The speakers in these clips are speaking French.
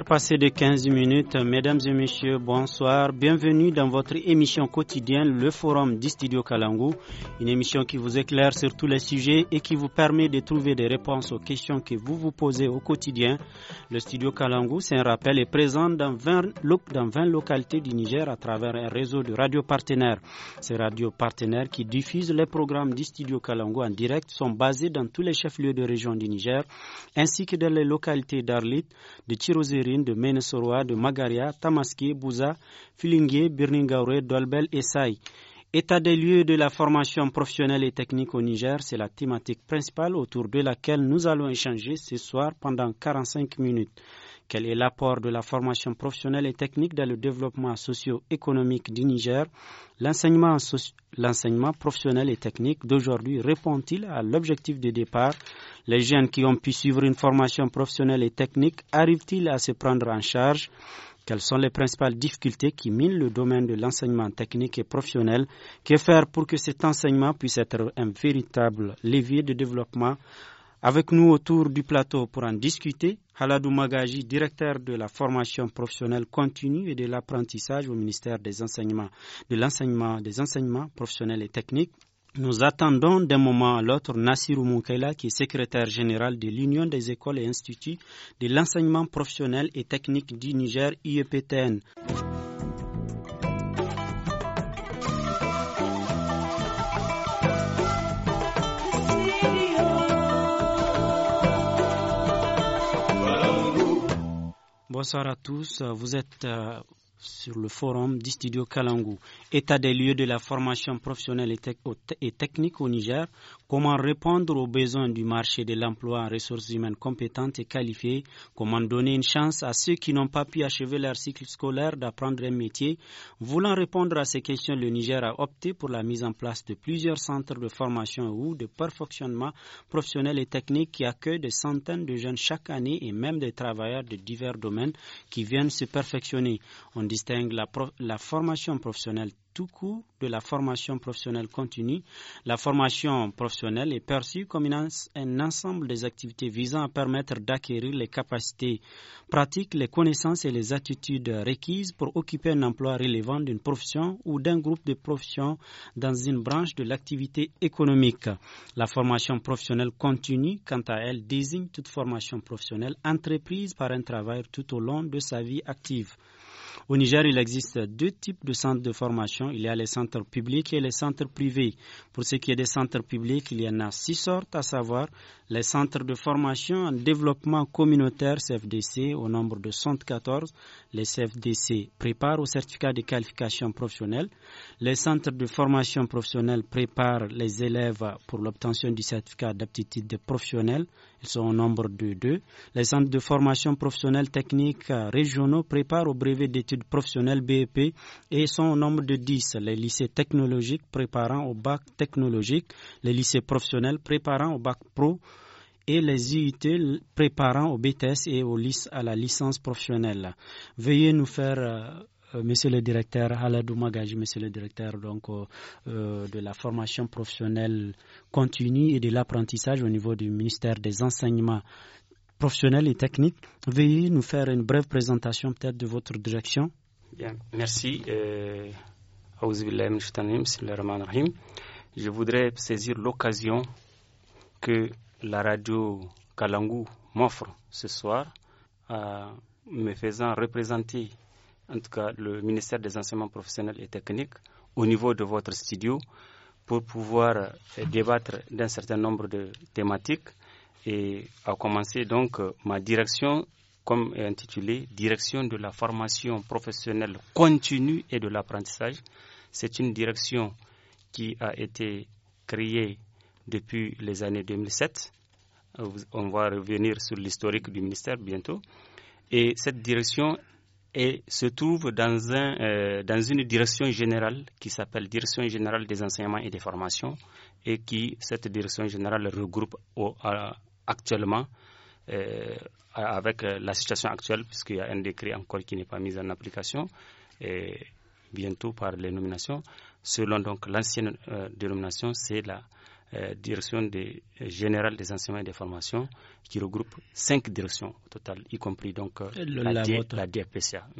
passé de 15 minutes, mesdames et messieurs, bonsoir. Bienvenue dans votre émission quotidienne, le Forum du Studio Kalangu, Une émission qui vous éclaire sur tous les sujets et qui vous permet de trouver des réponses aux questions que vous vous posez au quotidien. Le Studio Kalangu, c'est un rappel, est présent dans 20, dans 20 localités du Niger à travers un réseau de radio partenaires. Ces radio partenaires qui diffusent les programmes du Studio Kalangu en direct sont basés dans tous les chefs-lieux de région du Niger ainsi que dans les localités d'Arlit, de Chirozé de Menesoroa, de Magaria, Tamaski, Bouza, Filingué, Birningaure, Dolbel et Saï. État des lieux de la formation professionnelle et technique au Niger, c'est la thématique principale autour de laquelle nous allons échanger ce soir pendant 45 minutes. Quel est l'apport de la formation professionnelle et technique dans le développement socio-économique du Niger L'enseignement professionnel et technique d'aujourd'hui répond-il à l'objectif de départ Les jeunes qui ont pu suivre une formation professionnelle et technique arrivent-ils à se prendre en charge quelles sont les principales difficultés qui minent le domaine de l'enseignement technique et professionnel Que faire pour que cet enseignement puisse être un véritable levier de développement avec nous autour du plateau pour en discuter, Haladou Magaji, directeur de la formation professionnelle continue et de l'apprentissage au ministère des enseignements, de l'enseignement, des enseignements professionnels et techniques. Nous attendons d'un moment à l'autre Nassirou Moukaila, qui est secrétaire général de l'Union des écoles et instituts de l'enseignement professionnel et technique du Niger, IEPTN. Bonsoir à tous. Vous êtes euh, sur le forum Distudio studio État des lieux de la formation professionnelle et technique au Niger, Comment répondre aux besoins du marché de l'emploi en ressources humaines compétentes et qualifiées Comment donner une chance à ceux qui n'ont pas pu achever leur cycle scolaire d'apprendre un métier Voulant répondre à ces questions, le Niger a opté pour la mise en place de plusieurs centres de formation ou de perfectionnement professionnel et technique qui accueillent des centaines de jeunes chaque année et même des travailleurs de divers domaines qui viennent se perfectionner. On distingue la, la formation professionnelle tout cours de la formation professionnelle continue. La formation professionnelle est perçue comme un ensemble des activités visant à permettre d'acquérir les capacités pratiques, les connaissances et les attitudes requises pour occuper un emploi relevant d'une profession ou d'un groupe de professions dans une branche de l'activité économique. La formation professionnelle continue, quant à elle, désigne toute formation professionnelle entreprise par un travailleur tout au long de sa vie active. Au Niger, il existe deux types de centres de formation. Il y a les centres publics et les centres privés. Pour ce qui est des centres publics, il y en a six sortes, à savoir les centres de formation en développement communautaire CFDC au nombre de 114. Les CFDC préparent au certificat de qualification professionnelle. Les centres de formation professionnelle préparent les élèves pour l'obtention du certificat d'aptitude professionnelle ils sont au nombre de deux. Les centres de formation professionnelle technique euh, régionaux préparent au brevet d'études professionnelles BEP et sont au nombre de dix. Les lycées technologiques préparant au bac technologique, les lycées professionnels préparant au bac pro et les IUT préparant au BTS et au à la licence professionnelle. Veuillez nous faire euh, euh, monsieur le directeur, Aladou Magaji, monsieur le directeur euh, euh, de la formation professionnelle continue et de l'apprentissage au niveau du ministère des Enseignements professionnels et techniques, veuillez nous faire une brève présentation peut-être de votre direction. Bien, merci. je voudrais saisir l'occasion que la radio Kalangu m'offre ce soir, euh, me faisant représenter en tout cas le ministère des enseignements professionnels et techniques, au niveau de votre studio pour pouvoir euh, débattre d'un certain nombre de thématiques et à commencer donc euh, ma direction comme est intitulée Direction de la formation professionnelle continue et de l'apprentissage. C'est une direction qui a été créée depuis les années 2007. Euh, on va revenir sur l'historique du ministère bientôt. Et cette direction et se trouve euh, dans, une direction générale qui s'appelle Direction générale des enseignements et des formations et qui, cette direction générale, regroupe actuellement euh, avec euh, la situation actuelle, puisqu'il y a un décret encore qui n'est pas mis en application, et bientôt par les nominations. Selon donc l'ancienne dénomination, c'est la euh, direction des, euh, générale des enseignements et des formations qui regroupe cinq directions au total, y compris donc euh, la,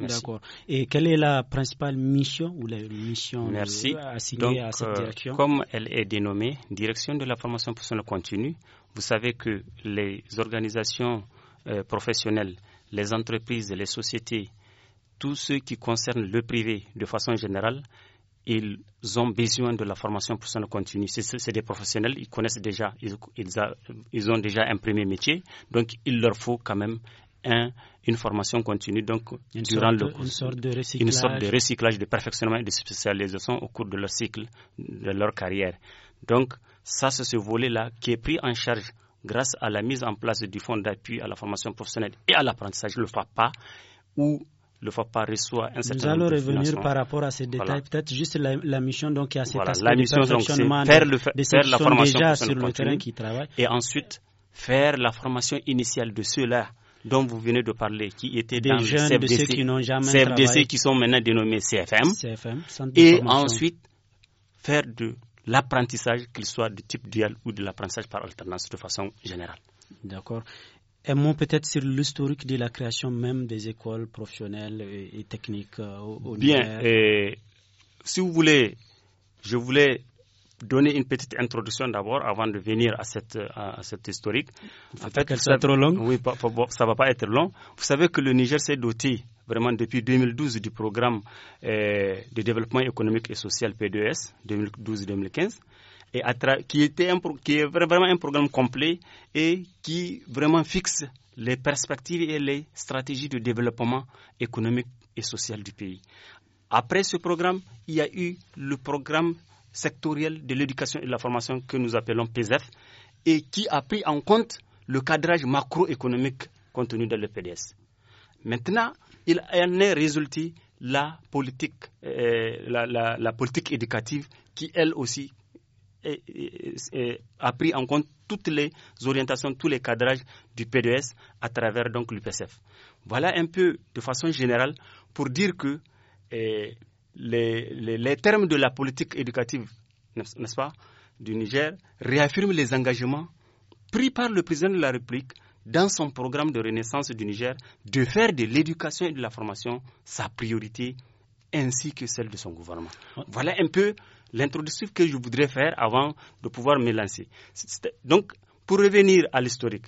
D'accord. Et quelle est la principale mission ou la mission assignée à cette direction Comme elle est dénommée Direction de la formation professionnelle continue, vous savez que les organisations professionnelles, les entreprises, les sociétés, tous ceux qui concernent le privé de façon générale, ils ont besoin de la formation professionnelle continue. C'est des professionnels, ils connaissent déjà, ils, ont déjà un premier métier, donc il leur faut quand même un, une formation continue, donc une durant le une sorte de recyclage, une sorte de recyclage, de perfectionnement et de spécialisation au cours de leur cycle, de leur carrière. Donc ça, c'est ce volet-là qui est pris en charge grâce à la mise en place du fonds d'appui à la formation professionnelle et à l'apprentissage, le FAPA, où le FAPA reçoit un certain nombre de Nous allons revenir par rapport à ces détails. Peut-être juste la, mission donc qui a cet voilà. la mission, de perfectionnement donc, faire, le, de faire la formation déjà sur le terrain qui travaillent. Et ensuite, faire la formation initiale de ceux-là dont vous venez de parler, qui étaient des dans jeunes, le CFDC, de qui sont maintenant dénommés CFM, CFM et ensuite faire de l'apprentissage, qu'il soit de type dual ou de l'apprentissage par alternance de façon générale. D'accord. Un mot peut-être sur l'historique de la création même des écoles professionnelles et, techniques euh, au, Niger. Bien, et, si vous voulez, je voulais donner une petite introduction d'abord avant de venir à cette, à, historique. En fait, trop long Oui, ça ne va pas être long. Vous savez que le Niger s'est doté vraiment depuis 2012 du programme euh, de développement économique et social P2S 2012-2015 qui, était qui est vraiment un programme complet et qui vraiment fixe les perspectives et les stratégies de développement économique et social du pays. Après ce programme, il y a eu le programme sectoriel de l'éducation et de la formation que nous appelons PSF et qui a pris en compte le cadrage macroéconomique contenu dans le PDS. Maintenant, il en est résulté euh, la politique éducative qui, elle aussi, a pris en compte toutes les orientations, tous les cadrages du PDS à travers donc l'UPSF. Voilà un peu de façon générale pour dire que eh, les, les, termes de la politique éducative, n'est-ce pas, du Niger réaffirment les engagements pris par le président de la République dans son programme de renaissance du Niger de faire de l'éducation et de la formation sa priorité ainsi que celle de son gouvernement. Voilà un peu l'introduction que je voudrais faire avant de pouvoir me lancer. Donc, pour revenir à l'historique,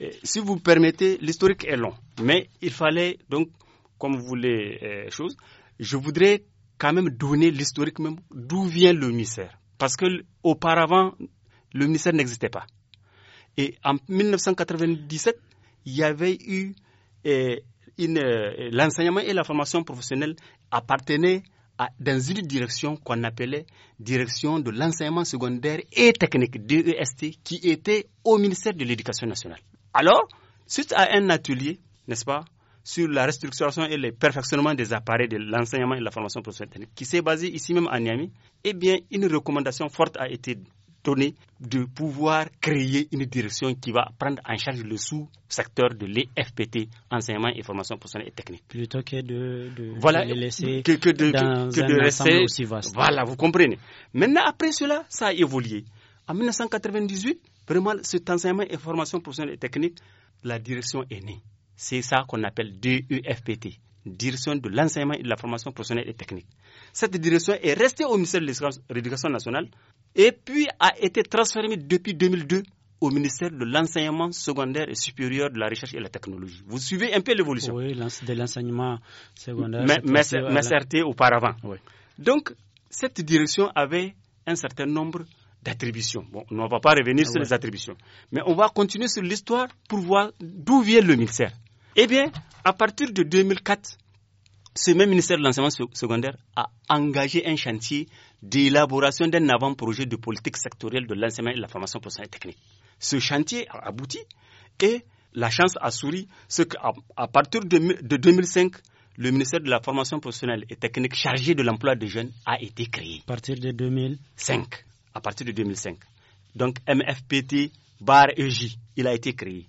eh, si vous permettez, l'historique est long, mais il fallait donc, comme vous voulez, euh, chose, je voudrais quand même donner l'historique même d'où vient le ministère. Parce que auparavant, le ministère n'existait pas. Et en 1997, il y avait eu eh, euh, l'enseignement et la formation professionnelle appartenaient dans une direction qu'on appelait direction de l'enseignement secondaire et technique, DEST, qui était au ministère de l'Éducation nationale. Alors, suite à un atelier, n'est-ce pas, sur la restructuration et le perfectionnement des appareils de l'enseignement et de la formation professionnelle, qui s'est basé ici même à Niamey, eh bien, une recommandation forte a été de pouvoir créer une direction qui va prendre en charge le sous-secteur de l'EFPT, enseignement et formation professionnelle et technique. Plutôt que de, de laisser que, de, un de rester, aussi vaste. Voilà, vous comprenez. Maintenant, après cela, ça a évolué. En 1998, vraiment, cet enseignement et formation professionnelle et technique, la direction est née. C'est ça qu'on appelle DEFPT direction de l'enseignement et de la formation professionnelle et technique. Cette direction est restée au ministère de l'Éducation nationale et puis a été transférée depuis 2002 au ministère de l'enseignement secondaire et supérieur de la recherche et la technologie. Vous suivez un peu l'évolution. Oui, de l'enseignement secondaire. Mais, euh, certes, auparavant. Donc, cette direction avait un certain nombre d'attributions. Bon, on ne va pas revenir ah sur les attributions. Mais on va continuer sur l'histoire pour voir d'où vient le ministère. Eh bien, à partir de 2004, ce même ministère de l'enseignement secondaire a engagé un chantier d'élaboration d'un avant-projet de politique sectorielle de l'enseignement et de la formation professionnelle et technique. Ce chantier a abouti et la chance a souri, ce qu'à partir de, 2005, le ministère de la formation professionnelle et technique chargé de l'emploi des jeunes a été créé. À partir de 2005. À partir de 2005. Donc MFPT bar EJ, il a été créé.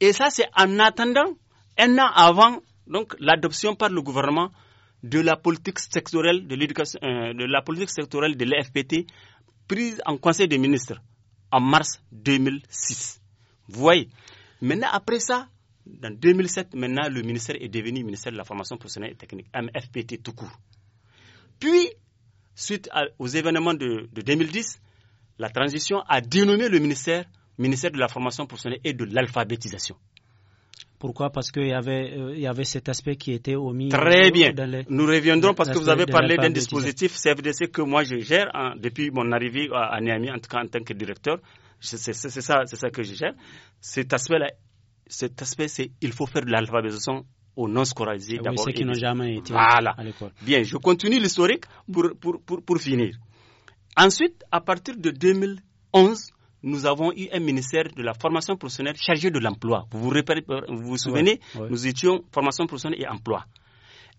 Et ça, c'est en attendant un an avant donc l'adoption par le gouvernement de la politique sectorielle de l'éducation, euh, de la politique sectorielle de l'EFPT prise en Conseil des ministres en mars 2006. Vous voyez. Maintenant, après ça, dans 2007, maintenant, le ministère est devenu ministère de la formation professionnelle et technique, MFPT tout court. Puis, suite aux événements de, de 2010, la transition a dénommé le ministère ministère de la formation professionnelle et de l'alphabétisation. Pourquoi Parce qu'il y, avait, euh, il y avait cet aspect qui était omis. Très bien. Nous reviendrons parce que vous avez parlé d'un dispositif CFDC que moi je gère hein, depuis mon arrivée à, à Niamey en, en, tant que directeur. C'est ça, ça que je gère. Cet aspect-là, cet aspect, c'est il faut faire de l'alphabétisation aux non-scolarisés Ceux qui n'ont jamais été à l'école. Bien, je continue l'historique pour pour, pour, pour finir. Ensuite, à partir de 2011, nous avons eu un ministère de la formation professionnelle chargé de l'emploi. Vous vous, euh, souvenez, nous étions formation professionnelle et emploi.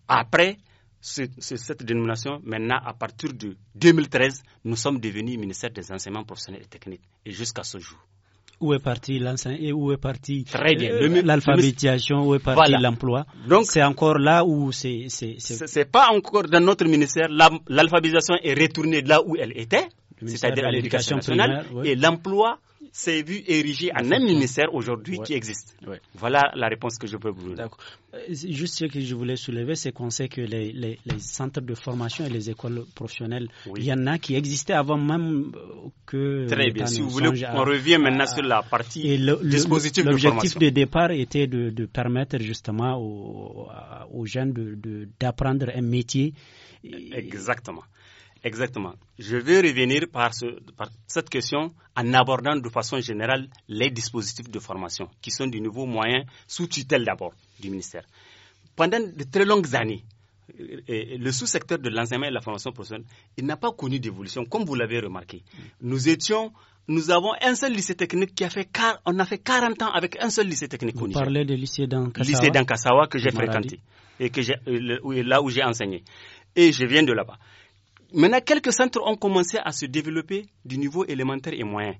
Après cette dénomination, maintenant, à partir de 2013, nous sommes devenus ministère des enseignements professionnels et techniques, et jusqu'à ce jour où est parti l'enseignement et où est parti euh, l'alphabétisation, où est parti l'emploi. Donc c'est encore là où c'est c'est pas encore dans notre ministère l'alphabétisation est retournée là où elle était, c'est-à-dire à, l'éducation nationale primaire, et l'emploi s'est vu érigé en un ministère aujourd'hui qui existe. Voilà la réponse que je peux vous donner. Euh, juste ce que je voulais soulever, c'est qu'on sait que les, centres de formation et les écoles professionnelles, il y en a qui existaient avant même euh, que. Très bien. Si vous voulez, on revient maintenant sur la partie le, dispositif de formation. L'objectif de départ était de, permettre justement aux, jeunes d'apprendre un métier. Exactement. Exactement. Je vais revenir par, cette question en abordant de façon générale les dispositifs de formation qui sont du nouveaux moyens sous tutelle d'abord du ministère. Pendant de très longues années, euh, euh, le sous-secteur de l'enseignement et de la formation professionnelle, n'a pas connu d'évolution, comme vous l'avez remarqué. Nous étions nous avons un seul lycée technique qui a fait on a fait 40 ans avec un seul lycée technique. Vous parlez du lycée d'Ankasawa Lycée que j'ai fréquenté euh, et que là où j'ai enseigné. Et je viens de là-bas. Maintenant, quelques centres ont commencé à se développer du niveau élémentaire et moyen.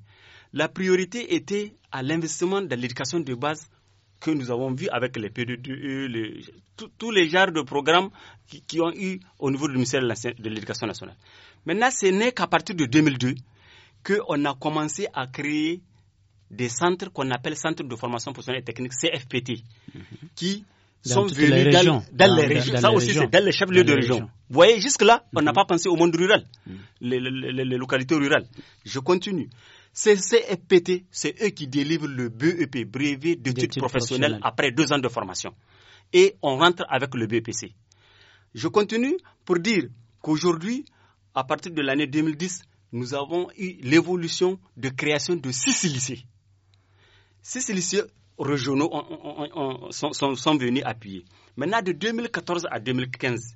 La priorité était à l'investissement dans l'éducation de base que nous avons vu avec les PDE, euh, tous les genres de programmes qui, ont eu au niveau du ministère de l'Éducation nationale. Maintenant, ce n'est qu'à partir de 2002 qu'on a commencé à créer des centres qu'on appelle centres de formation professionnelle et technique, CFPT, mhm. qui sont venus dans, les régions. Ça aussi, c'est dans les chefs-lieux de région. Vous voyez, jusque-là, on n'a mm-hmm. pas pensé au monde rural, mm-hmm. les, localités rurales. Je continue. Ces CFPT, c'est eux qui délivrent le BEP, brevet d'études professionnelles, professionnel, après deux ans de formation. Et on rentre avec le BPC. E Je continue pour dire qu'aujourd'hui, à partir de l'année 2010, nous avons eu l'évolution de création de six lycées. Six lycées régionaux sont, sont, venus appuyer. Maintenant, de 2014 à 2015,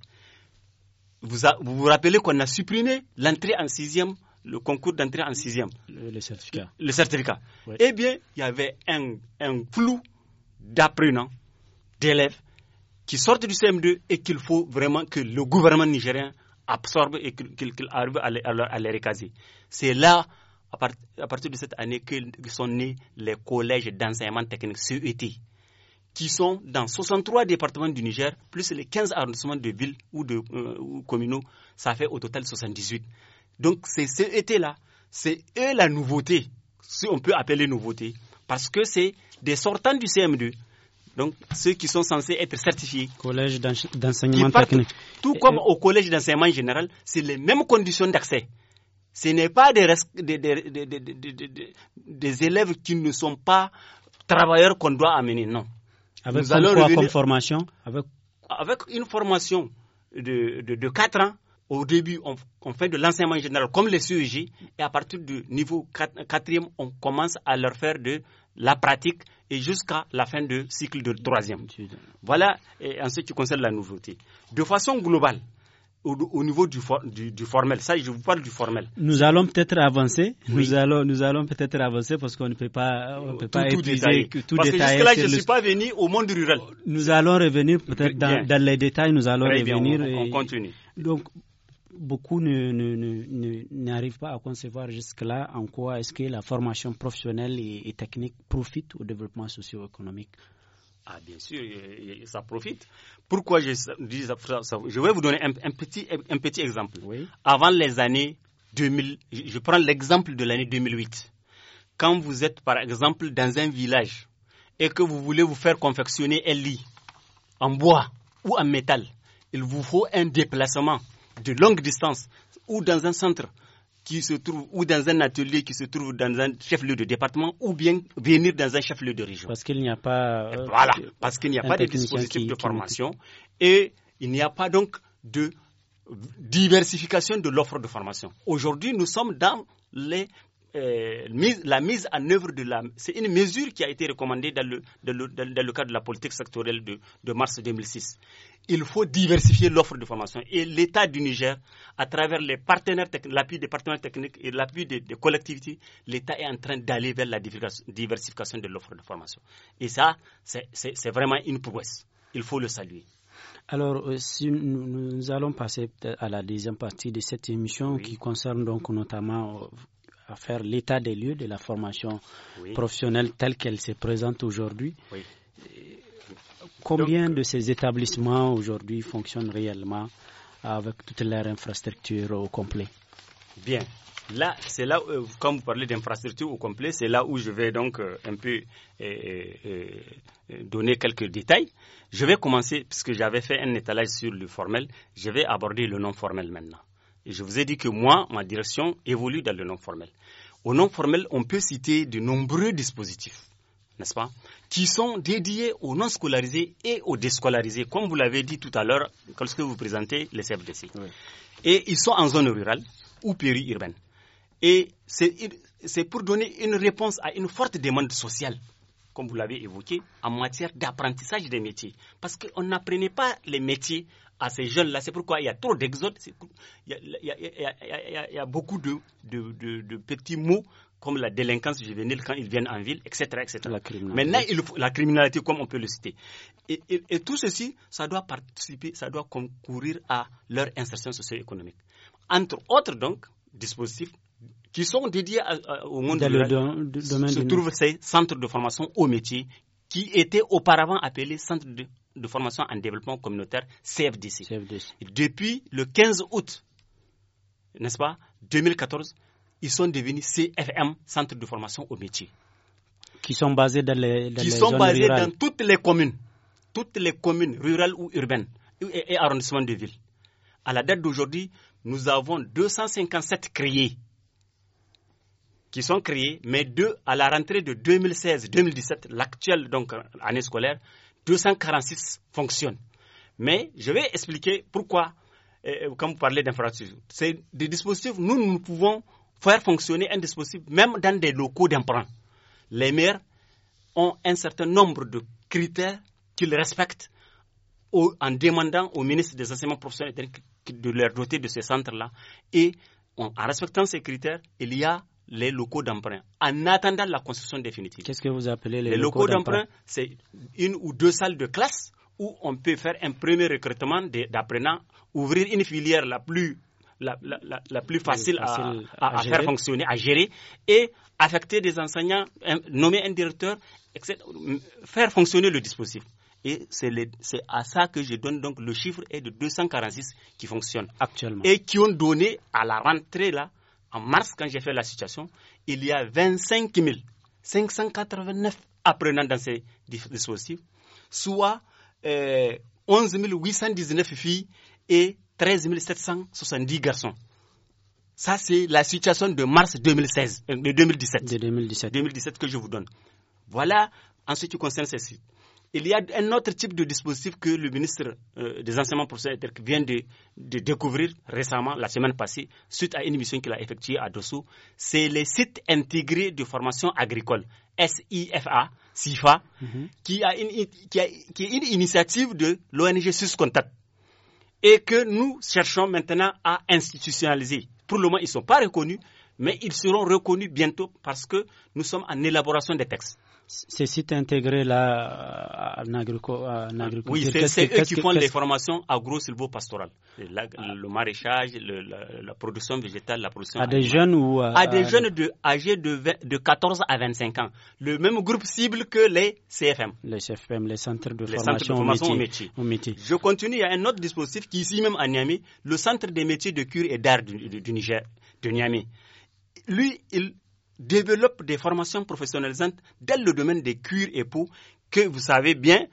vous vous, rappelez qu'on a supprimé l'entrée en sixième, le concours d'entrée en sixième. Le, certificat. Le certificat. Eh bien, il y avait un, un flou d'apprenants, d'élèves qui sortent du CM2 et qu'il faut vraiment que le gouvernement nigérien absorbe et qu'il arrive à les, à les recaser. C'est là à, partir de cette année que sont nés les collèges d'enseignement technique CET, qui sont dans 63 départements du Niger, plus les 15 arrondissements de villes ou de euh, communaux, ça fait au total 78. Donc ces CET-là, e c'est eux la nouveauté, si on peut appeler nouveauté, parce que c'est des sortants du CM2 donc, ceux qui sont censés être certifiés. Collège d'enseignement technique. Tout comme au collège d'enseignement général, c'est les mêmes conditions d'accès. Ce n'est pas des, des, élèves qui ne sont pas travailleurs qu'on doit amener, non. Avec formation avec... une formation de, quatre 4 ans, au début, on, fait de l'enseignement général comme les CEG, et à partir du niveau 4 on commence à leur faire de la pratique et jusqu'à la fin du cycle de troisième. Voilà et en ce qui concerne la nouveauté. De façon globale, au, niveau du, du, formel. Ça, je vous parle du formel. Nous allons peut-être avancer. Nous allons, nous allons peut-être avancer parce qu'on ne peut pas, on euh, peut tout, pas tout détailler. parce que jusque-là, je ne suis pas venu au monde rural. Nous allons revenir peut-être dans, les détails. Nous allons revenir. on, continue. Donc, beaucoup n'arrivent ne, pas à concevoir jusque-là en quoi est-ce que la formation professionnelle et, technique profite au développement socio-économique ah, bien sûr, ça profite. Pourquoi je dis ça, Je vais vous donner un, petit, un petit exemple. Avant les années 2000, je prends l'exemple de l'année 2008. Quand vous êtes, par exemple, dans un village et que vous voulez vous faire confectionner un lit en bois ou en métal, il vous faut un déplacement de longue distance ou dans un centre qui se trouve ou dans un atelier qui se trouve dans un chef-lieu de département ou bien venir dans un chef-lieu de région. Parce qu'il n'y a pas. Euh, voilà, parce qu'il n'y a pas de dispositif de formation et il n'y a pas donc de diversification de l'offre de formation. Aujourd'hui, nous sommes dans les euh, la mise en œuvre de la. C'est une mesure qui a été recommandée dans le, le, le cadre de la politique sectorielle de, de mars 2006. Il faut diversifier l'offre de formation. Et l'État du Niger, à travers les partenaires l'appui des partenaires techniques et l'appui des, collectivités, l'État est en train d'aller vers la diversification de l'offre de formation. Et ça, c'est vraiment une prouesse. Il faut le saluer. Alors, euh, si nous, allons passer à la deuxième partie de cette émission qui concerne donc notamment euh, à faire l'état des lieux de la formation professionnelle telle qu'elle se présente aujourd'hui. Combien de ces établissements aujourd'hui fonctionnent réellement avec toute leur infrastructure au complet Bien, Là, c'est là, où, euh, quand vous parlez d'infrastructure au complet, c'est là où je vais donc euh, un peu euh, donner quelques détails. Je vais commencer, puisque j'avais fait un étalage sur le formel, je vais aborder le non formel maintenant. Et je vous ai dit que moi, ma direction évolue dans le non formel. Au non formel, on peut citer de nombreux dispositifs, n'est-ce pas, qui sont dédiés aux non scolarisés et aux déscolarisés, comme vous l'avez dit tout à l'heure lorsque vous présentez les CFDC. Et ils sont en zone rurale ou périurbaine. Et c'est pour donner une réponse à une forte demande sociale comme vous l'avez évoqué, en matière d'apprentissage des métiers. Parce qu'on n'apprenait pas les métiers à ces jeunes-là. C'est pourquoi il y a trop d'exodes. Il, y a, beaucoup de, de, petits mots comme la délinquance juvénile quand ils viennent en ville, etc. etc. La Maintenant, la criminalité, comme on peut le citer. Et, tout ceci, ça doit participer, ça doit concourir à leur insertion socio-économique. Entre autres, donc, dispositifs qui sont dédiés au monde de, de, se, se trouvent ces centres de formation au métier qui étaient auparavant appelés centres de de formation en développement communautaire, CFDC. Depuis le 15 août, n'est-ce pas, 2014, ils sont devenus CFM, Centre de formation au métier. Qui sont basés dans les, qui sont basés dans toutes les communes, toutes les communes rurales ou urbaines et, arrondissements de ville. À la date d'aujourd'hui, nous avons 257 créés qui sont créés, mais deux à la rentrée de 2016-2017, l'actuelle donc année scolaire, 246 fonctionnent. Mais je vais expliquer pourquoi, euh, euh, quand vous parlez d'infrastructure, c'est des dispositifs, nous, nous pouvons faire fonctionner un dispositif même dans des locaux d'emprunt. Les maires ont un certain nombre de critères qu'ils respectent en demandant au ministre des enseignements professionnels de leur doter de ces centres-là. Et en respectant ces critères, il y a les locaux d'emprunt en attendant la construction définitive. Qu'est-ce que vous appelez les, les locaux, d'emprunt C'est une ou deux salles de classe où on peut faire un premier recrutement d'apprenants, ouvrir une filière la plus, la, la, plus facile, à, à, faire fonctionner, à gérer, et affecter des enseignants, nommer un directeur, etc., faire fonctionner le dispositif. Et c'est à ça que je donne donc le chiffre est de 246 qui fonctionnent actuellement et qui ont donné à la rentrée là en mars, quand j'ai fait la situation, il y a 25 589 apprenants dans ces dispositifs, soit 11 euh, 819 filles et 13 770 garçons. Ça, c'est la situation de mars 2016, euh, de 2017. De 2017. 2017 que je vous donne. Voilà en ce qui concerne ces il y a un autre type de dispositif que le ministre euh, des enseignements professionnels vient de, découvrir récemment, la semaine passée, suite à une mission qu'il a effectuée à Dosso. C'est les sites intégrés de formation agricole, SIFA, mhm. qui, une, est une initiative de l'ONG Suscontact et que nous cherchons maintenant à institutionnaliser. Pour le moment, ils ne sont pas reconnus, mais ils seront reconnus bientôt parce que nous sommes en élaboration des textes ces sites intégrés-là euh, en, agriculture Oui, c'est eux qui font les formations agro-silvopastorales. pastorales ah. Le maraîchage, la, production végétale, la production. À des jeunes ou. Euh, à, des jeunes de, âgés de, 14 à 25 ans. Le même groupe cible que les CFM. Les CFM, les centres de formation, au, métier, Je continue. Il y a un autre dispositif qui, ici même à Niamey, le centre des métiers de cure et d'art du, du Niger, de Niamey. Lui, il, développe des formations professionnalisantes dans le domaine des cuirs et peaux que vous savez bien,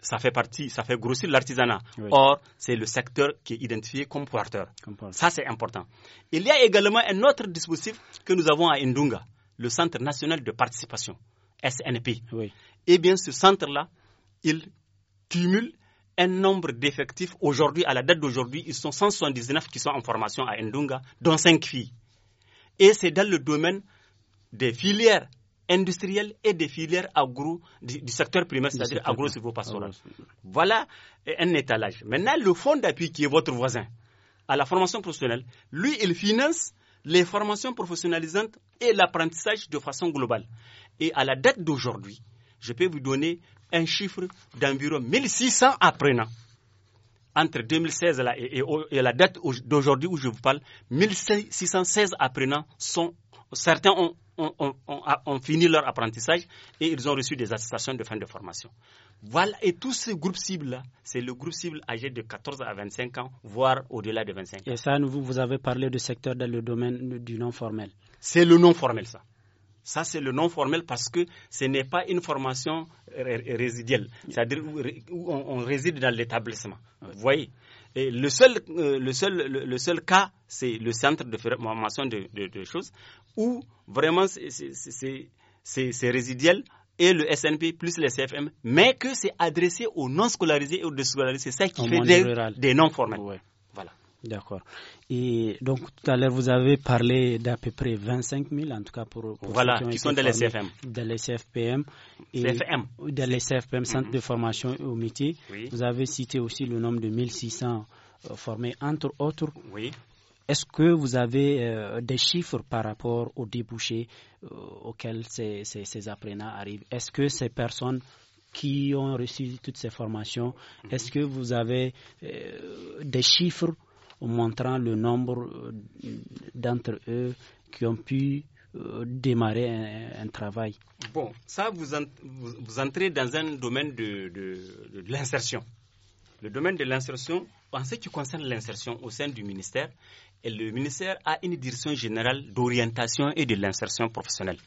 ça fait partie, ça fait grossir l'artisanat. Or, c'est le secteur qui est identifié comme porteur. Ça, c'est important. Il y a également un autre dispositif que nous avons à Ndunga, le Centre national de participation, SNP. Oui. Eh bien, ce centre-là, il cumule un nombre d'effectifs. Aujourd'hui, à la date d'aujourd'hui, ils sont 179 qui sont en formation à Ndunga, dont 5 filles. Et c'est dans le domaine des filières industrielles et des filières agro, du, secteur primaire, c'est-à-dire agro pastoral ah, Voilà un étalage. Maintenant, le fonds d'appui qui est votre voisin à la formation professionnelle, lui, il finance les formations professionnalisantes et l'apprentissage de façon globale. Et à la date d'aujourd'hui, je peux vous donner un chiffre d'environ 1600 apprenants entre 2016 et, et, la date d'aujourd'hui où je vous parle, 1616 apprenants sont, certains ont, fini leur apprentissage et ils ont reçu des attestations de fin de formation. Voilà, et tous ces groupes cibles-là, c'est le groupe cible âgé de 14 à 25 ans, voire au-delà de 25 ans. Et ça, vous, vous avez parlé du secteur dans le domaine du non formel. C'est le non formel, ça. Ça, c'est le non formel parce que ce n'est pas une formation résidielle c'est-à-dire où, on, réside dans l'établissement. Vous voyez et le seul, euh, le seul, le, seul cas, c'est le centre de formation de, choses où vraiment c'est résiduel et le SNP plus les CFM, mais que c'est adressé aux non scolarisés et aux déscolarisés. C'est ça qui fait des, non formels. Voilà. D'accord. Et donc, tout à l'heure, vous avez parlé d'à peu près 25 000, en tout cas pour. pour voilà, qui, sont de De Centre mhm. de formation au métier. Vous avez cité aussi le nombre de 1600 euh, formés, entre autres. Oui. Est-ce que vous avez euh, des chiffres par rapport aux débouchés euh, auxquels ces, apprenants arrivent Est-ce que ces personnes qui ont reçu toutes ces formations, mhm. est-ce que vous avez des chiffres montrant le nombre euh, d'entre eux qui ont pu euh, démarrer un, travail. Bon, ça, vous, entrez dans un domaine de, l'insertion. Le domaine de l'insertion, en ce qui concerne l'insertion au sein du ministère, et le ministère a une direction générale d'orientation et de l'insertion professionnelle.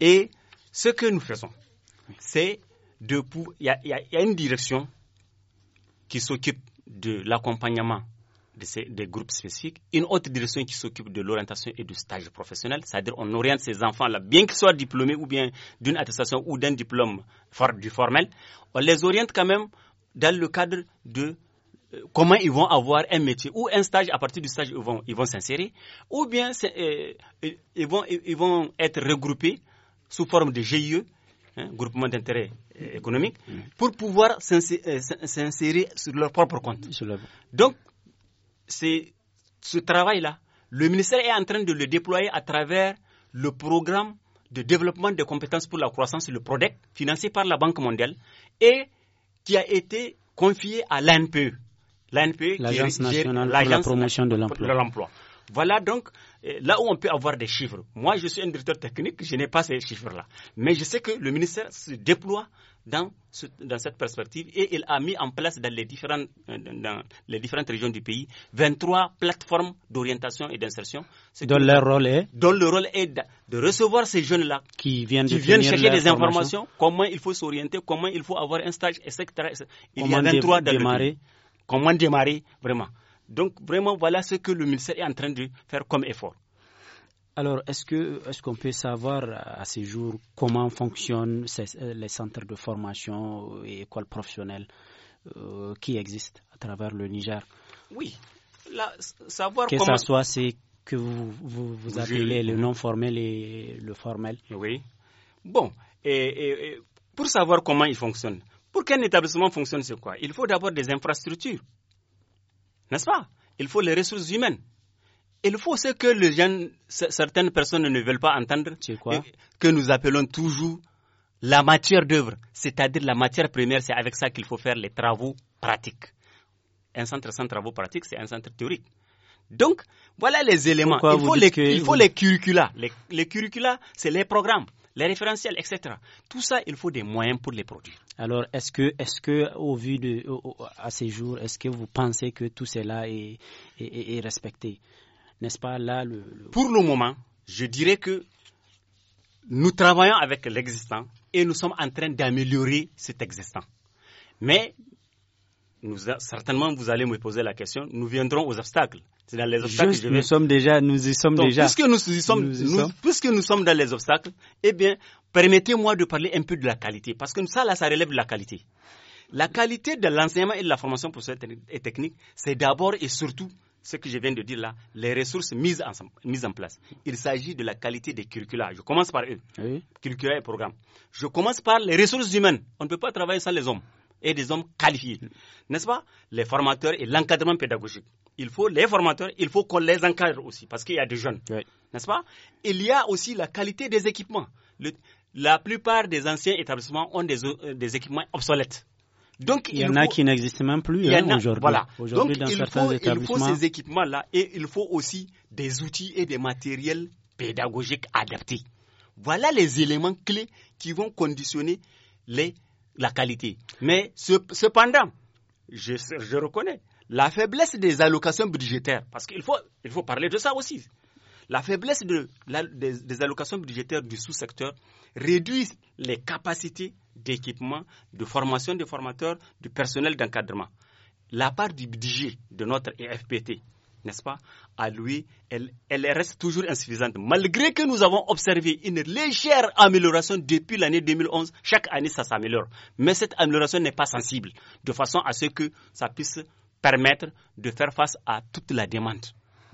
Et ce que nous faisons, c'est de... Il y a une direction qui s'occupe de l'accompagnement des groupes spécifiques, une autre direction qui s'occupe de l'orientation et du stage professionnel, c'est-à-dire on oriente ces enfants-là, bien qu'ils soient diplômés ou bien d'une attestation ou d'un diplôme du formel, on les oriente quand même dans le cadre de euh, comment ils vont avoir un métier ou un stage, à partir du stage ils vont ils vont s'insérer, ou bien euh, ils, vont, ils vont être regroupés sous forme de GIE, hein, groupement d'intérêt euh, économique, pour pouvoir s'insérer sur leur propre compte. Donc c'est ce travail-là, le ministère est en train de le déployer à travers le programme de développement des compétences pour la croissance, le PRODEC, financé par la Banque mondiale et qui a été confié à l'ANPE. L'ANPE, l'Agence nationale pour la promotion de l'emploi. Voilà donc euh, là où on peut avoir des chiffres. Moi, je suis un directeur technique, je n'ai pas ces chiffres-là. Mais je sais que le ministère se déploie dans, cette perspective et il a mis en place dans les différentes, euh, régions du pays 23 plateformes d'orientation et d'insertion. Dont, leur rôle est Dont le rôle est de, recevoir ces jeunes-là qui viennent, chercher des informations, comment il faut s'orienter, comment il faut avoir un stage, etc. Il comment y a démarrer. comment démarrer, vraiment. Donc vraiment, voilà ce que le ministère est en train de faire comme effort. Alors, est-ce que est-ce qu'on peut savoir à ce jour comment fonctionnent euh, les centres de formation et écoles professionnelles euh, qui existent à travers le Niger Oui, savoir que ce soit c'est que vous, vous, appelez le non formel et le formel. Oui. Bon, et, pour savoir comment ils fonctionnent, pour qu'un établissement fonctionne, c'est quoi Il faut d'abord des infrastructures. N'est-ce pas Il faut les ressources humaines. Il faut ce que les certaines personnes ne veulent pas entendre, que nous appelons toujours la matière d'œuvre, c'est-à-dire la matière première, c'est avec ça qu'il faut faire les travaux pratiques. Un centre sans travaux pratiques, c'est un centre théorique. Donc, voilà les éléments. il faut, les, il faut les curricula. les curricula, c'est les programmes les référentiels, etc. Tout ça, il faut des moyens pour les produire. Alors, est-ce que, est-ce que, au vu de, à ces jours, est-ce que vous pensez que tout cela est, respecté N'est-ce pas là le, Pour le moment, je dirais que nous travaillons avec l'existant et nous sommes en train d'améliorer cet existant. Mais certainement, vous allez me poser la question, nous viendrons aux obstacles. C'est dans les obstacles. nous nous y sommes déjà. Puisque nous y sommes, puisque nous sommes dans les obstacles, eh bien, permettez-moi de parler un peu de la qualité, parce que ça, là, ça relève de la qualité. La qualité de l'enseignement et de la formation professionnelle et technique, c'est d'abord et surtout ce que je viens de dire là, les ressources mises en, place. Il s'agit de la qualité des curricula. Je commence par eux. Oui. Curricula et programme. Je commence par les ressources humaines. On ne peut pas travailler sans les hommes et des hommes qualifiés. N'est-ce pas Les formateurs et l'encadrement pédagogique il faut les formateurs, il faut qu'on les encadre aussi, parce qu'il y a des jeunes, n'est-ce pas Il y a aussi la qualité des équipements. Le, la plupart des anciens établissements ont des, euh, équipements obsolètes. Donc, il y en a qui n'existent même plus aujourd'hui. dans certains établissements... il faut ces équipements-là et il faut aussi des outils et des matériels pédagogiques adaptés. Voilà les éléments clés qui vont conditionner les, la qualité. Mais cependant, je, je reconnais, la faiblesse des allocations budgétaires, parce qu'il faut, il faut parler de ça aussi. La faiblesse des, allocations budgétaires du sous-secteur réduit les capacités d'équipement, de formation des formateurs, du personnel d'encadrement. La part du budget de notre EFPT, n'est-ce pas, à lui, elle, elle, reste toujours insuffisante, malgré que nous avons observé une légère amélioration depuis l'année 2011. Chaque année, ça s'améliore. Mais cette amélioration n'est pas sensible, de façon à ce que ça puisse permettre de faire face à toute la demande.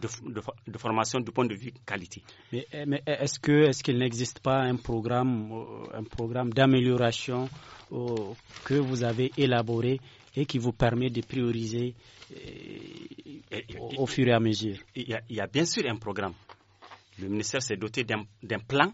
De, formation du point de vue qualité. Mais, eh, eh, est-ce que est-ce qu'il n'existe pas un programme euh, un programme d'amélioration euh, que vous avez élaboré et qui vous permet de prioriser euh, au, fur et à mesure il y, il y, a, bien sûr un programme. Le ministère s'est doté d'un plan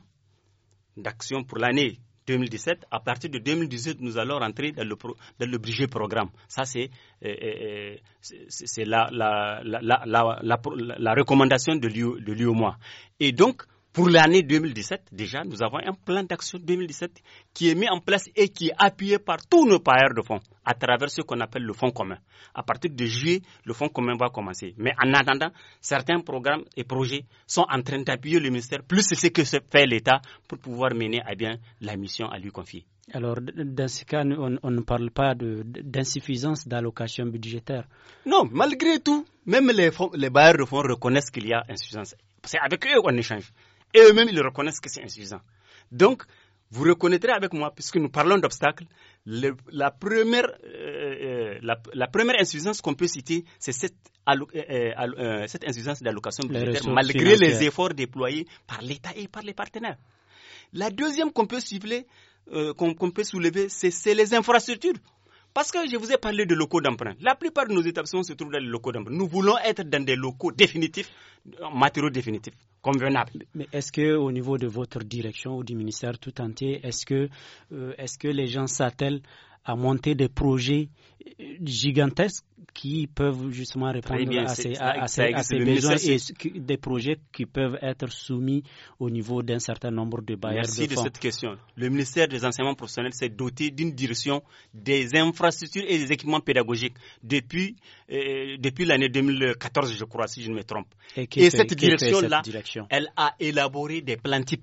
d'action pour l'année 2017. À partir de 2018, nous allons rentrer dans le, pro, dans le budget programme. Ça, c'est euh, euh, euh, la, la, la, la, recommandation de l'UOMOA. Et donc, pour l'année 2017, déjà, nous avons un plan d'action 2017 qui est mis en place et qui est appuyé par tous nos payeurs de fonds à travers ce qu'on appelle le fonds commun. À partir de juillet, le fonds commun va commencer. Mais en attendant, certains programmes et projets sont en train d'appuyer le ministère, plus ce que fait l'État pour pouvoir mener à bien la mission à lui confier. Alors, dans ce cas, on, ne parle pas d'insuffisance d'allocation budgétaire. Non, malgré tout, même les, fonds, les bailleurs de fonds reconnaissent qu'il y a insuffisance. C'est avec eux qu'on échange. Et eux-mêmes, ils reconnaissent que c'est insuffisant. Donc, vous reconnaîtrez avec moi, puisque nous parlons d'obstacles, euh, euh, la, première, insuffisance qu'on peut citer, c'est cette, euh, insuffisance d'allocation budgétaire, malgré les efforts déployés par l'État et par les partenaires. La deuxième qu'on peut soulever, c'est les infrastructures. Parce que je vous ai parlé de locaux d'emprunt. La plupart de nos établissements se trouvent dans les locaux d'emprunt. Nous voulons être dans des locaux définitifs, euh, matériaux définitifs, convenables. Mais est-ce que au niveau de votre direction ou du ministère tout entier, est-ce que, euh, est-ce que les gens s'attellent à monter des projets euh, gigantesques qui peuvent justement répondre à, ces, besoins et des projets qui peuvent être soumis au niveau d'un certain nombre de bailleurs Merci de, fonds. cette question. Le ministère des enseignements professionnels s'est doté d'une direction des infrastructures et des équipements pédagogiques depuis, euh, l'année 2014, je crois, si je ne me trompe. Et, cette direction-là, elle a élaboré des plans types.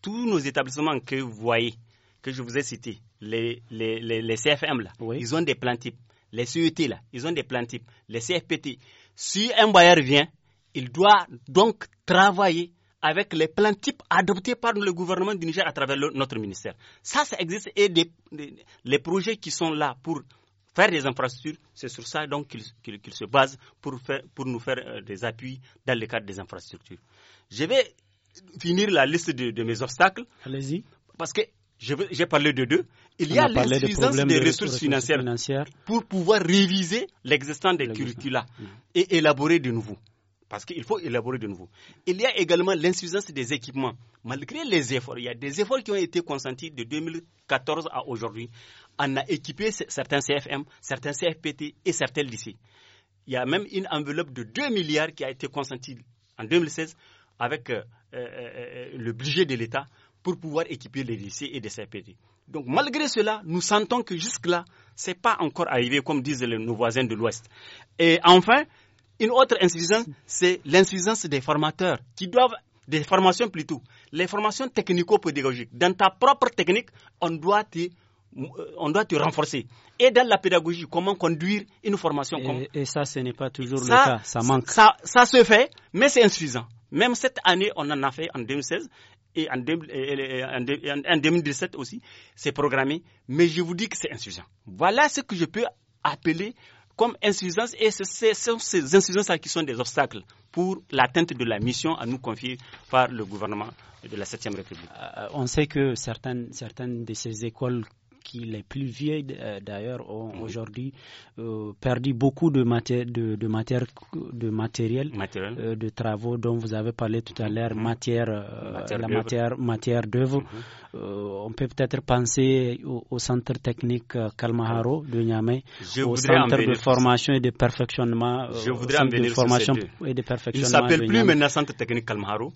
Tous nos établissements que vous voyez, que je vous ai cités, les, les, les, CFM, e là, ils ont des plans types. Les CET, là, ils ont des plans types. Les CFPT. Si un bailleur vient, il doit donc travailler avec les plans types adoptés par le gouvernement du Niger à travers notre ministère. Ça, ça existe et les projets qui sont là pour faire des infrastructures, c'est sur ça donc qu'ils se basent pour, faire, pour nous faire euh, des appuis dans le cadre des infrastructures. Je vais finir la liste de, de mes obstacles. Allez-y. Parce que j'ai parlé de deux, il y a, l'insuffisance des, ressources, financières, pour pouvoir réviser l'existence des curricula et élaborer de nouveau. Parce qu'il faut élaborer de nouveau. Il y a également l'insuffisance des équipements. Malgré les efforts, il y a des efforts qui ont été consentis de 2014 à aujourd'hui. On a équipé certains CFM, certains CFPT et certains lycées. Il y a même une enveloppe de 2 milliards qui a été consentie en 2016 avec euh, euh, euh, le budget de l'État pour pouvoir équiper les lycées et les CPD. Donc malgré cela, nous sentons que jusque-là, ce n'est pas encore arrivé, comme disent nos voisins de l'Ouest. Et enfin, une autre insuffisance, c'est l'insuffisance des formateurs qui doivent des formations plutôt, les formations technico-pédagogiques. Dans ta propre technique, on doit te, euh, on doit te renforcer. Et dans la pédagogie, comment conduire une formation Et, et ça, ce n'est pas toujours le cas, ça manque. ça se fait, mais c'est insuffisant. Même cette année, on en a fait en 2016 et en, 2017 aussi, c'est programmé, mais je vous dis que c'est insuffisant. Voilà ce que je peux appeler comme insuffisance et ce sont ces insuffisances qui sont des obstacles pour l'atteinte de la mission à nous confier par le gouvernement de la 7e République. Euh, euh, on sait que certaines, certaines de ces écoles qui les plus vieilles euh, d'ailleurs ont aujourd'hui euh, perdu beaucoup de, de, de, de matériel, euh, de travaux dont vous avez parlé tout à mhm. l'heure, matière, la matière, matière d'œuvre. Mhm. on peut peut-être penser au, centre technique Kalmaharo de Niamey, au centre de formation et de perfectionnement. Je voudrais en venir de formation et de perfectionnement. Il s'appelle plus maintenant centre technique Kalmaharo.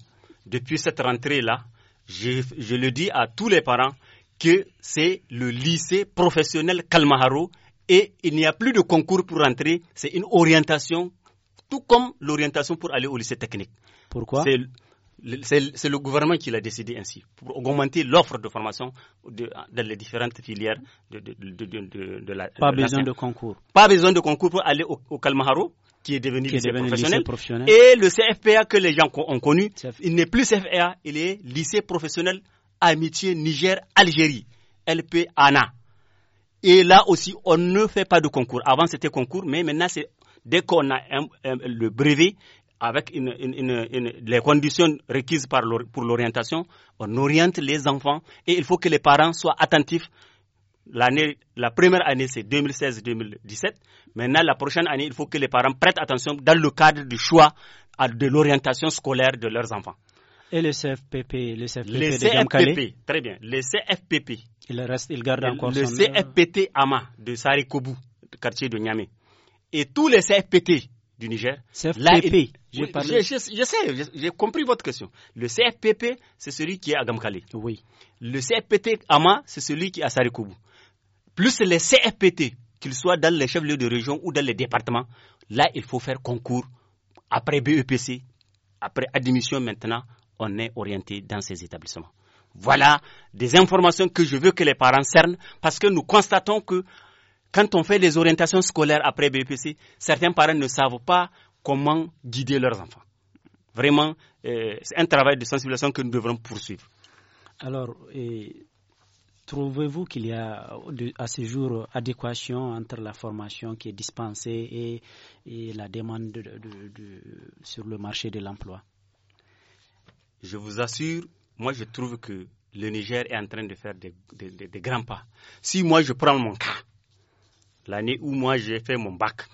Depuis cette rentrée-là, je, le dis à tous les parents, que c'est le lycée professionnel Kalmaharo et il n'y a plus de concours pour entrer, c'est une orientation, tout comme l'orientation pour aller au lycée technique. Pourquoi c'est le gouvernement qui l'a décidé ainsi, pour augmenter l'offre de formation dans les différentes filières de, de, la. Pas besoin de concours. Pas besoin de concours pour aller au, Kalmaharo, qui est devenu, professionnel. lycée, professionnel. Et le CFPA que les gens ont connu, il n'est plus CFPA, il est lycée professionnel amitié Niger-Algérie, LPANA. Et là aussi, on ne fait pas de concours. Avant, c'était concours, mais maintenant, c'est dès qu'on a le brevet avec une, les conditions requises par pour l'orientation, on oriente les enfants et il faut que les parents soient attentifs l'année, la première année, c'est 2016-2017. Maintenant, la prochaine année, il faut que les parents prêtent attention dans le cadre du choix de l'orientation scolaire de leurs enfants. Et le CFPP, le CFPP, très bien, le CFPP. Il reste, il garde encore le CFPT AMA de Sarikobu, quartier de Niamey. Et tous les CFPT du Niger. CFPP, je, sais, j'ai compris votre question. Le CFPP, c'est celui qui est à Gamkali. Oui. Le CFPT AMA, c'est celui qui est à Sarikobu. Plus les CFPT, qu'ils soient dans les chefs-lieux de région ou dans les départements, là, il faut faire concours après BEPC, après admission maintenant on est orienté dans ces établissements. Voilà des informations que je veux que les parents cernent parce que nous constatons que quand on fait les orientations scolaires après BPC, certains parents ne savent pas comment guider leurs enfants. Vraiment, euh, c'est un travail de sensibilisation que nous devrons poursuivre. Alors, trouvez-vous qu'il y a à ce jour adéquation entre la formation qui est dispensée et, la demande sur le marché de l'emploi je vous assure, moi je trouve que le Niger est en train de faire des, grands pas. Si moi je prends mon cas, l'année où moi j'ai fait mon bac,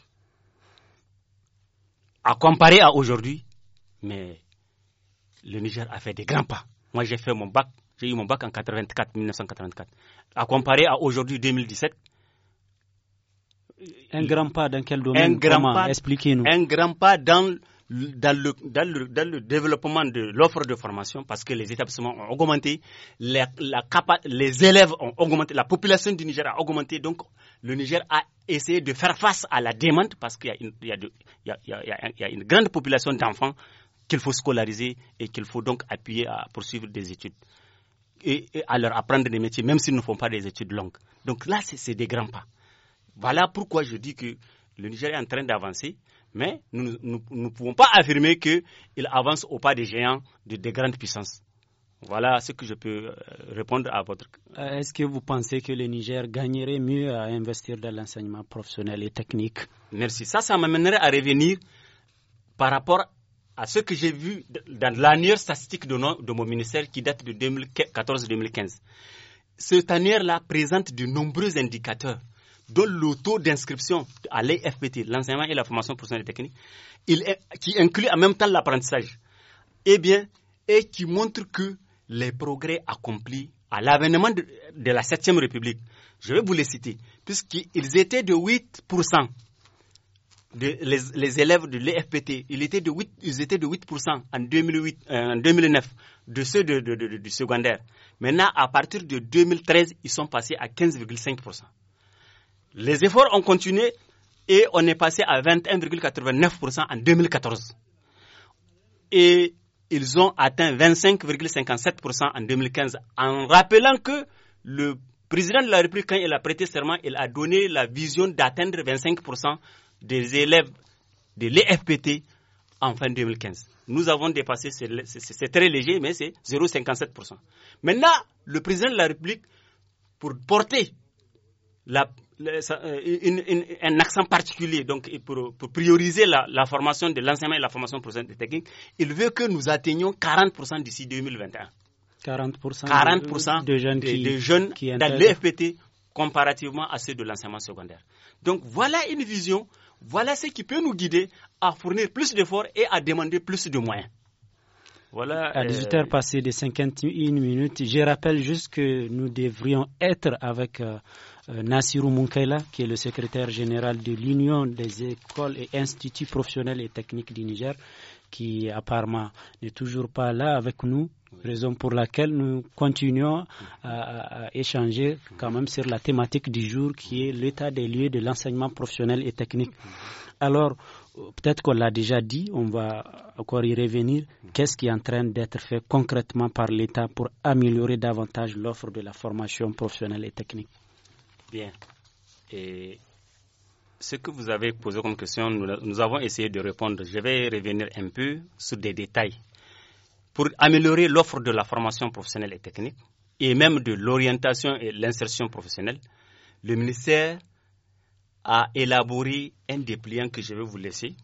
à comparer à aujourd'hui, mais le Niger a fait des grands pas. Moi j'ai fait mon bac, j'ai eu mon bac en 84, 1984. À comparer à aujourd'hui 2017, un grand pas dans quel domaine Un grand pas. Expliquez-nous. Un grand pas dans dans le, le, développement de l'offre de formation parce que les établissements ont augmenté, les élèves ont augmenté, la population du Niger a augmenté. Donc, le Niger a essayé de faire face à la demande parce qu'il y, y, y a une grande population d'enfants qu'il faut scolariser et qu'il faut donc appuyer à poursuivre des études et, et, à leur apprendre des métiers, même s'ils ne font pas des études longues. Donc là, c'est des grands pas. Voilà pourquoi je dis que le Niger est en train d'avancer mais nous ne pouvons pas affirmer qu'il avance au pas des géants, de, des grandes puissances. Voilà ce que je peux euh, répondre à votre question. Euh, est-ce que vous pensez que le Niger gagnerait mieux à investir dans l'enseignement professionnel et technique Merci. Ça, ça m'amènerait à revenir par rapport à ce que j'ai vu dans l'annuaire statistique de, mon ministère qui date de 2014-2015. Cette annuaire-là présente de nombreux indicateurs dont le taux d'inscription à l'EFPT, l'enseignement et la formation professionnelle technique, il qui inclut en même temps l'apprentissage, eh bien, et qui montre que les progrès accomplis à l'avènement de, la septième République, je vais vous les citer, puisqu'ils étaient de 8%. De, les, élèves de l'EFPT, ils étaient de 8%, ils étaient de 8 en, 2008, euh, en 2009 de ceux du de, secondaire. Maintenant, à partir de 2013, ils sont passés à 15,5%. Les efforts ont continué et on est passé à 21,89% en 2014. Et ils ont atteint 25,57% en 2015 en rappelant que le président de la République, quand il a prêté serment, il a donné la vision d'atteindre 25% des élèves de l'EFPT en fin 2015. Nous avons dépassé, c'est très léger, mais c'est 0,57%. Maintenant, le président de la République, pour porter la euh, un accent particulier donc, pour, pour prioriser la, formation de l'enseignement et la formation professionnelle des techniques. Il veut que nous atteignions 40% d'ici 2021. 40%, 40 de, jeunes, qui, jeunes dans l'EFPT comparativement à ceux de l'enseignement secondaire. Donc voilà une vision, voilà ce qui peut nous guider à fournir plus d'efforts et à demander plus de moyens. Voilà, à 18 euh, h passées de 51 minutes, je rappelle juste que nous devrions être avec euh, euh, Nassirou Munkaila, qui est le secrétaire général de l'Union des écoles et instituts professionnels et techniques du Niger, qui apparemment n'est toujours pas là avec nous, raison pour laquelle nous continuons à, échanger quand même sur la thématique du jour qui est l'état des lieux de l'enseignement professionnel et technique. Alors, peut-être qu'on l'a déjà dit, on va encore y revenir. Qu'est-ce qui est en train d'être fait concrètement par l'État pour améliorer davantage l'offre de la formation professionnelle et technique Bien. Et ce que vous avez posé comme question, nous, avons essayé de répondre. Je vais revenir un peu sur des détails pour améliorer l'offre de la formation professionnelle et technique et même de l'orientation et l'insertion professionnelle. Le ministère a élaboré un dépliant que je vais vous laisser,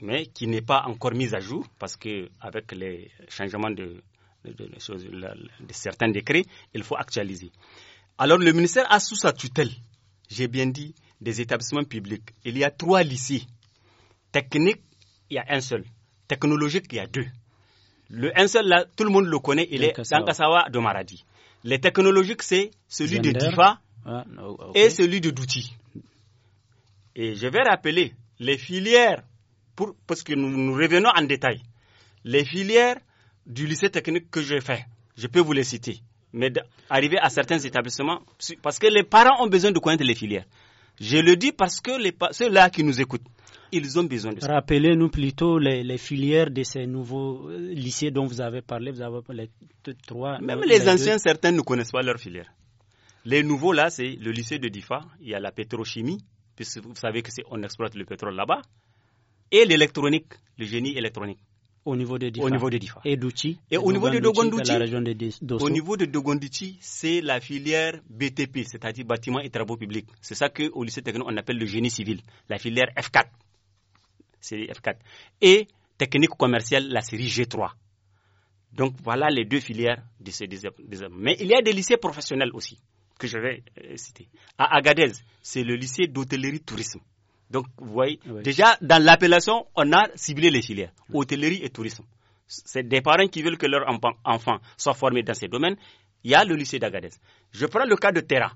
mais qui n'est pas encore mis à jour parce que les changements de certains décrets, il faut actualiser. Alors le ministère a sous sa tutelle, j'ai bien dit, des établissements publics. Il y a trois lycées. Technique, il y a un seul. Technologique, il y a deux. Le un seul, là, tout le monde le connaît, il est Sankasawa de Maradi. Les technologiques, c'est celui de Difa ah, et celui de Douti. Et je vais rappeler les filières, pour, parce que nous, nous revenons en détail. Les filières du lycée technique que j'ai fait, je peux vous les citer mais arriver à certains établissements, parce que les parents ont besoin de connaître les filières. Je le dis parce que ceux-là qui nous écoutent, ils ont besoin de ça. Rappelez-nous plutôt les, filières de ces nouveaux euh, lycées dont vous avez parlé. Vous avez parlé trois. Même euh, les, anciens, certains ne connaissent pas leurs filières. Les nouveaux, là, c'est le lycée de Difa. Il y a la pétrochimie, puisque vous savez que on exploite le pétrole là-bas. Et l'électronique, le génie électronique. Au niveau de Difa. Au niveau de Et Duchi Et, au niveau de Dogondouchi. Au niveau de c'est la filière BTP, c'est-à-dire bâtiment et travaux publics. C'est ça que au lycée technique, on appelle le génie civil. La filière F4. C'est Et technique commerciale, la série G3. Donc voilà les deux filières de ces deux Mais il y a des lycées professionnels aussi, que je vais euh, citer. À Agadez, c'est le lycée d'hôtellerie-tourisme. Donc, vous voyez, déjà, dans l'appellation, on a ciblé les filières, hôtellerie et tourisme. C'est des parents qui veulent que leurs enfants soient formés dans ces domaines. Il y a le lycée d'Agadez. Je prends le cas de Terra,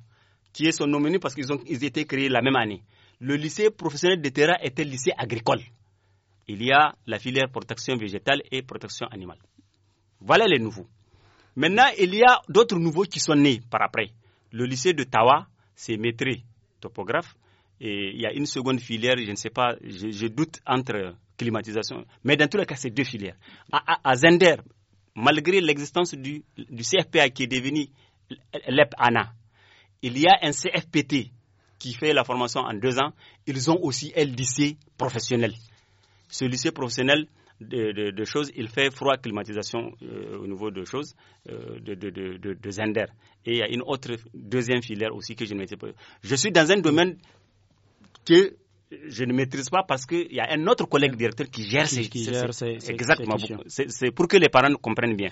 qui est son nommé parce qu'ils ont ils été créés la même année. Le lycée professionnel de Terra était lycée agricole. Il y a la filière protection végétale et protection animale. Voilà les nouveaux. Maintenant, il y a d'autres nouveaux qui sont nés par après. Le lycée de Tawa, c'est maîtrise topographe et il y a une seconde filière, je ne sais pas, je, doute entre climatisation. Mais dans tous les cas, c'est deux filières. À, Zender, malgré l'existence du, du, CFPA qui est devenu l'EPANA, il y a un CFPT qui fait la formation en deux ans. Ils ont aussi un lycée professionnel. Ce lycée professionnel de, choses, il fait froid climatisation euh, au niveau de choses euh, de, de, Zender. Et il y a une autre deuxième filière aussi que je ne sais pas. Je suis dans un domaine que je ne maîtrise pas parce qu'il y a un autre collègue directeur qui gère ces, Exactement. C'est pour que les parents comprennent bien.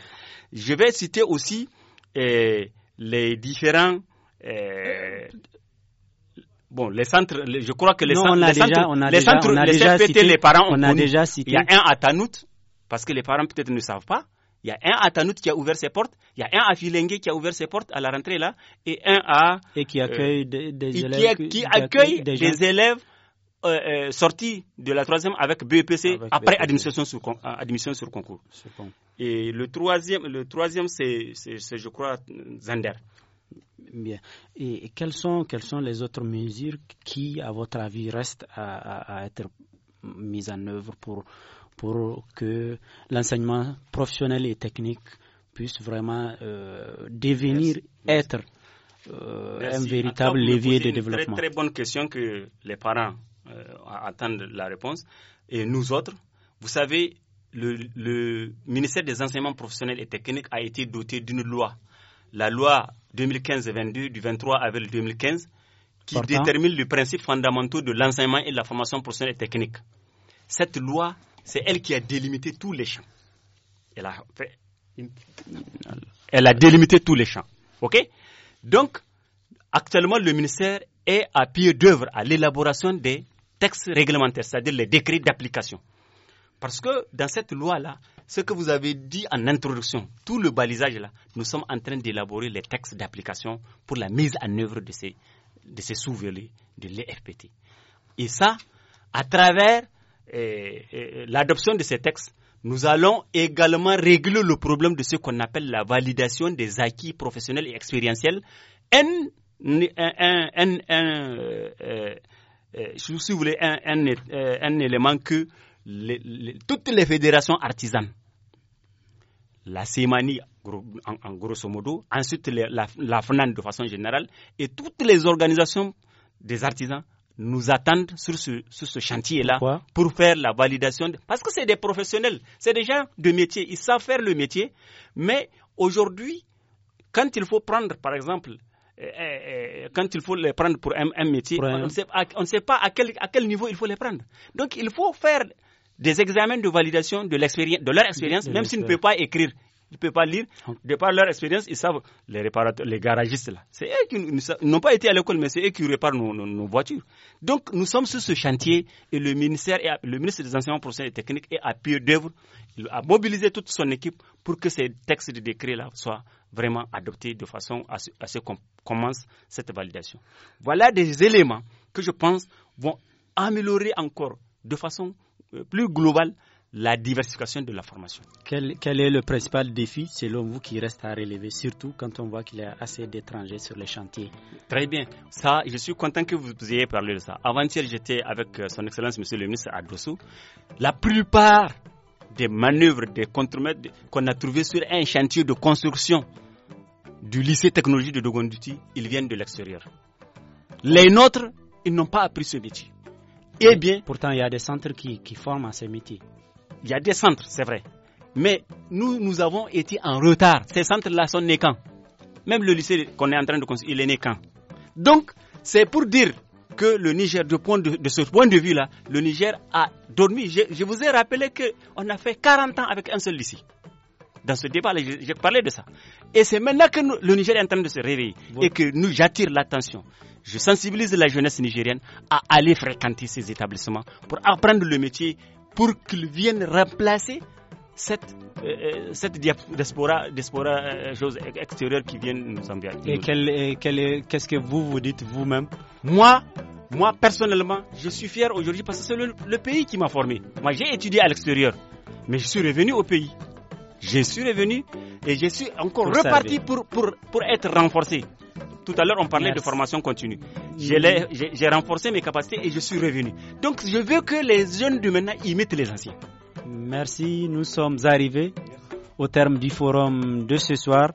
Je vais citer aussi euh, les différents. Euh, bon, les centres, je crois que les centres, les centres, les, les parents ont on a déjà cité. Il y a un à Tanout, parce que les parents peut-être ne savent pas. Il y a un à Tanout qui a ouvert ses portes, il y a un à Filengue qui a ouvert ses portes à la rentrée là, et un à. Et qui accueille euh, des, élèves. Qui, accueille des, élèves euh, euh, sortis de la troisième avec BEPC e après admission sur concours. Et le troisième, le troisième c'est, je crois, Zander. Bien. Et quelles sont, quelles sont les autres mesures qui, à votre avis, restent à être mises en œuvre pour pour que l'enseignement professionnel et technique puisse vraiment euh, devenir, être euh, un véritable levier de développement. Très, très bonne question que les parents euh, attendent la réponse. Et nous autres, vous savez, le, ministère des enseignements professionnels et techniques a été doté d'une loi, la loi 2015-22 du 23 avril 2015, qui détermine les principes fondamentaux de l'enseignement et de la formation professionnelle et technique. Cette loi c'est elle qui a délimité tous les champs. Elle a, délimité tous les champs. OK Donc, actuellement, le ministère est à pied d'œuvre à l'élaboration des textes réglementaires, c'est-à-dire les décrets d'application. Parce que dans cette loi-là, ce que vous avez dit en introduction, tout le balisage là, nous sommes en train d'élaborer les textes d'application pour la mise en œuvre de ces, de ces de l'ERPT. Et ça, à travers l'adoption de ces textes, nous allons également régler le problème de ce qu'on appelle la validation des acquis professionnels et expérientiels. Un, élément que toutes les fédérations artisanes, la CEMANI en, grosso modo, ensuite la, FNAN de façon générale, et toutes les organisations des artisans nous attendent sur ce, chantier-là pour faire la validation. Parce que c'est des professionnels, c'est des gens de métier, ils savent faire le métier. Mais aujourd'hui, quand il faut prendre, par exemple, eh, eh, eh, quand il faut les prendre pour un, métier, on ne sait pas à quel, niveau il faut les prendre. Donc il faut faire des examens de validation de, de leur expérience, même s'ils ne peuvent pas écrire ils ne peuvent pas lire. De par leur expérience, ils savent, les réparateurs, les garagistes, là, c'est eux qui n'ont pas été à l'école, mais c'est eux qui réparent nos, voitures. Donc, nous sommes sur ce chantier et le ministère, le ministre des Enseignements professionnels et techniques est à pied d'œuvre. Il a mobilisé toute son équipe pour que ces textes de décret-là soient vraiment adoptés de façon à ce qu'on commence cette validation. Voilà des éléments que je pense vont améliorer encore de façon euh, plus globale la diversification de la formation. Quel, quel, est le principal défi, selon vous, qui reste à relever, surtout quand on voit qu'il y a assez d'étrangers sur les chantiers Très bien. Ça, je suis content que vous ayez parlé de ça. Avant-hier, j'étais avec euh, Son Excellence, Monsieur le ministre, à La plupart des manœuvres, des contre-mètres qu'on a trouvées sur un chantier de construction du lycée technologique de Dogonduti, ils viennent de l'extérieur. Les nôtres, ils n'ont pas appris ce métier. Eh bien, Pourtant, il y a des centres qui, qui forment à ces métiers il y a des centres, c'est vrai. Mais nous, nous avons été en retard. Ces centres-là sont nés quand Même le lycée qu'on est en train de construire, il est né quand Donc, c'est pour dire que le Niger, de, ce point de vue-là, le Niger a dormi. Je, vous ai rappelé qu'on a fait 40 ans avec un seul lycée. Dans ce débat-là, j'ai parlé de ça. Et c'est maintenant que le Niger est en train de se réveiller et que nous j'attire l'attention. Je sensibilise la jeunesse nigérienne à aller fréquenter ces établissements pour apprendre le métier pour qu'ils viennent remplacer cette, euh, euh, cette diaspora, diaspora euh, chose extérieure qui vient nous envahir. Et qu'est-ce que vous vous dites vous-même Moi, moi personnellement, je suis fier aujourd'hui parce que c'est le, pays qui m'a formé. Moi, j'ai étudié à l'extérieur, mais je suis revenu au pays. Je suis revenu et je suis encore reparti pour, pour, pour être renforcé. Tout à l'heure, on parlait de formation continue. J'ai renforcé mes capacités et je suis revenu. Donc, je veux que les jeunes de maintenant imitent les anciens. Merci. Nous sommes arrivés au terme du forum de ce soir.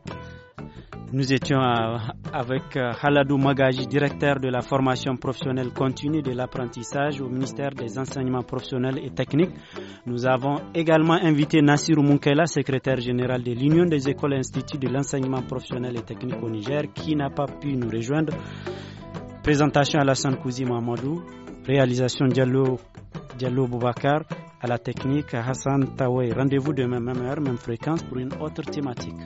Nous étions avec euh, Haladou Magaji, directeur de la formation professionnelle continue de l'apprentissage au ministère des enseignements professionnels et techniques. Nous avons également invité Nassir Munkela, secrétaire général de l'Union des écoles et instituts de l'enseignement professionnel et technique au Niger, qui n'a pas pu nous rejoindre. Présentation à la Sankouzi Mamadou, réalisation Diallo, Diallo Boubacar, à la technique Hassan Tawé. Rendez-vous demain, même heure, même fréquence pour une autre thématique.